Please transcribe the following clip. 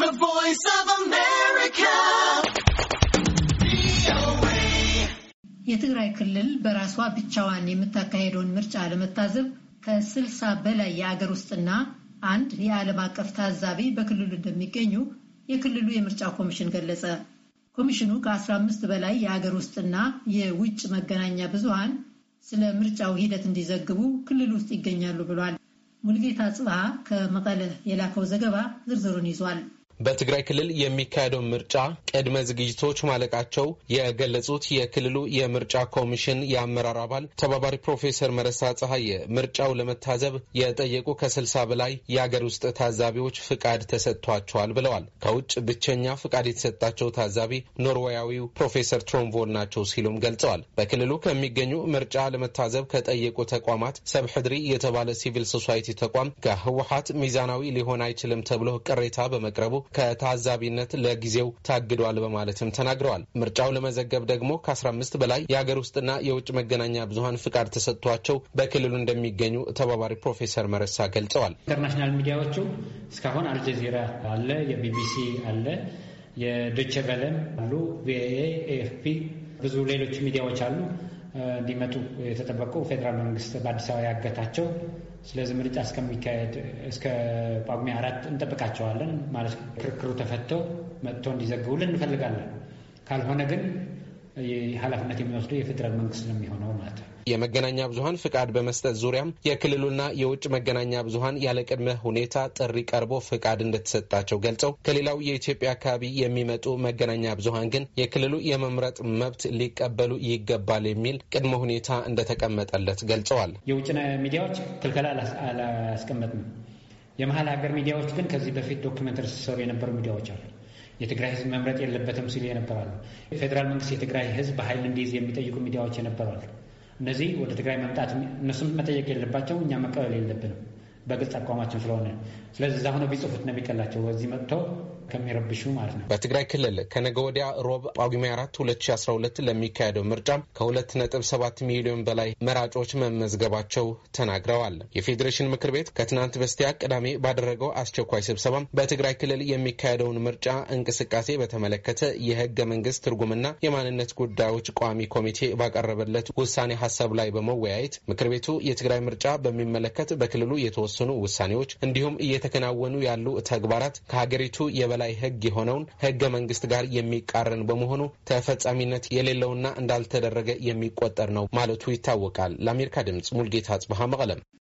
The Voice of America. የትግራይ ክልል በራሷ ብቻዋን የምታካሄደውን ምርጫ ለመታዘብ ከ60 በላይ የአገር ውስጥና አንድ የዓለም አቀፍ ታዛቢ በክልሉ እንደሚገኙ የክልሉ የምርጫ ኮሚሽን ገለጸ። ኮሚሽኑ ከ15 በላይ የአገር ውስጥና የውጭ መገናኛ ብዙሃን ስለ ምርጫው ሂደት እንዲዘግቡ ክልል ውስጥ ይገኛሉ ብሏል። ሙልጌታ ጽብሃ ከመቀለ የላከው ዘገባ ዝርዝሩን ይዟል። በትግራይ ክልል የሚካሄደው ምርጫ ቅድመ ዝግጅቶች ማለቃቸው የገለጹት የክልሉ የምርጫ ኮሚሽን የአመራር አባል ተባባሪ ፕሮፌሰር መረሳ ጸሐየ ምርጫው ለመታዘብ የጠየቁ ከ በላይ የአገር ውስጥ ታዛቢዎች ፍቃድ ተሰጥቷቸዋል ብለዋል። ከውጭ ብቸኛ ፍቃድ የተሰጣቸው ታዛቢ ኖርዌያዊው ፕሮፌሰር ትሮንቮል ናቸው ሲሉም ገልጸዋል። በክልሉ ከሚገኙ ምርጫ ለመታዘብ ከጠየቁ ተቋማት ሰብሕድሪ የተባለ ሲቪል ሶሳይቲ ተቋም ከህወሀት ሚዛናዊ ሊሆን አይችልም ተብሎ ቅሬታ በመቅረቡ ከታዛቢነት ለጊዜው ታግዷል በማለትም ተናግረዋል። ምርጫው ለመዘገብ ደግሞ ከ15 በላይ የአገር ውስጥና የውጭ መገናኛ ብዙሀን ፍቃድ ተሰጥቷቸው በክልሉ እንደሚገኙ ተባባሪ ፕሮፌሰር መረሳ ገልጸዋል። ኢንተርናሽናል ሚዲያዎቹ እስካሁን አልጀዚራ አለ፣ የቢቢሲ አለ፣ የዶቸቨለም አሉ፣ ቪኤኤ፣ ኤኤፍፒ ብዙ ሌሎች ሚዲያዎች አሉ። እንዲመጡ የተጠበቁ ፌዴራል መንግስት በአዲስ አበባ ያገታቸው። ስለዚህ ምርጫ እስከሚካሄድ እስከ ጳጉሜ አራት እንጠብቃቸዋለን ማለት ክርክሩ ተፈቶ መጥቶ እንዲዘግቡልን እንፈልጋለን። ካልሆነ ግን ኃላፊነት የሚወስደው የፌዴራል መንግስት ነው የሚሆነው ማለት ነው። የመገናኛ ብዙኃን ፍቃድ በመስጠት ዙሪያም የክልሉና የውጭ መገናኛ ብዙሃን ያለቅድመ ሁኔታ ጥሪ ቀርቦ ፍቃድ እንደተሰጣቸው ገልጸው ከሌላው የኢትዮጵያ አካባቢ የሚመጡ መገናኛ ብዙሃን ግን የክልሉ የመምረጥ መብት ሊቀበሉ ይገባል የሚል ቅድመ ሁኔታ እንደተቀመጠለት ገልጸዋል። የውጭ ሚዲያዎች ክልከላ አላስቀመጥም። የመሀል ሀገር ሚዲያዎች ግን ከዚህ በፊት ዶክመንተሪ ሲሰሩ የነበሩ ሚዲያዎች አሉ የትግራይ ህዝብ መምረጥ የለበትም ሲሉ የነበራሉ። የፌዴራል መንግስት የትግራይ ህዝብ በኃይል እንዲይዝ የሚጠይቁ ሚዲያዎች የነበሯል። እነዚህ ወደ ትግራይ መምጣት እነሱም መጠየቅ የለባቸው እኛ መቀበል የለብንም በግልጽ አቋማችን ስለሆነ። ስለዚህ እዛ ሆነ ቢጽፉት ነው የሚቀላቸው። እዚህ መጥቶ ከሚረብሹ ማለት ነው። በትግራይ ክልል ከነገ ወዲያ ሮብ ጳጉሜ አራት ሁለት አስራ ሁለት ለሚካሄደው ምርጫ ከሁለት ነጥብ ሰባት ሚሊዮን በላይ መራጮች መመዝገባቸው ተናግረዋል። የፌዴሬሽን ምክር ቤት ከትናንት በስቲያ ቅዳሜ ባደረገው አስቸኳይ ስብሰባ በትግራይ ክልል የሚካሄደውን ምርጫ እንቅስቃሴ በተመለከተ የህገ መንግስት ትርጉምና የማንነት ጉዳዮች ቋሚ ኮሚቴ ባቀረበለት ውሳኔ ሀሳብ ላይ በመወያየት ምክር ቤቱ የትግራይ ምርጫ በሚመለከት በክልሉ የተወሰኑ ውሳኔዎች እንዲሁም እየተከናወኑ ያሉ ተግባራት ከሀገሪቱ የበላ በላይ ህግ የሆነውን ህገ መንግስት ጋር የሚቃረን በመሆኑ ተፈጻሚነት የሌለውና እንዳልተደረገ የሚቆጠር ነው ማለቱ ይታወቃል። ለአሜሪካ ድምጽ ሙልጌታ ጽብሃ መቀለም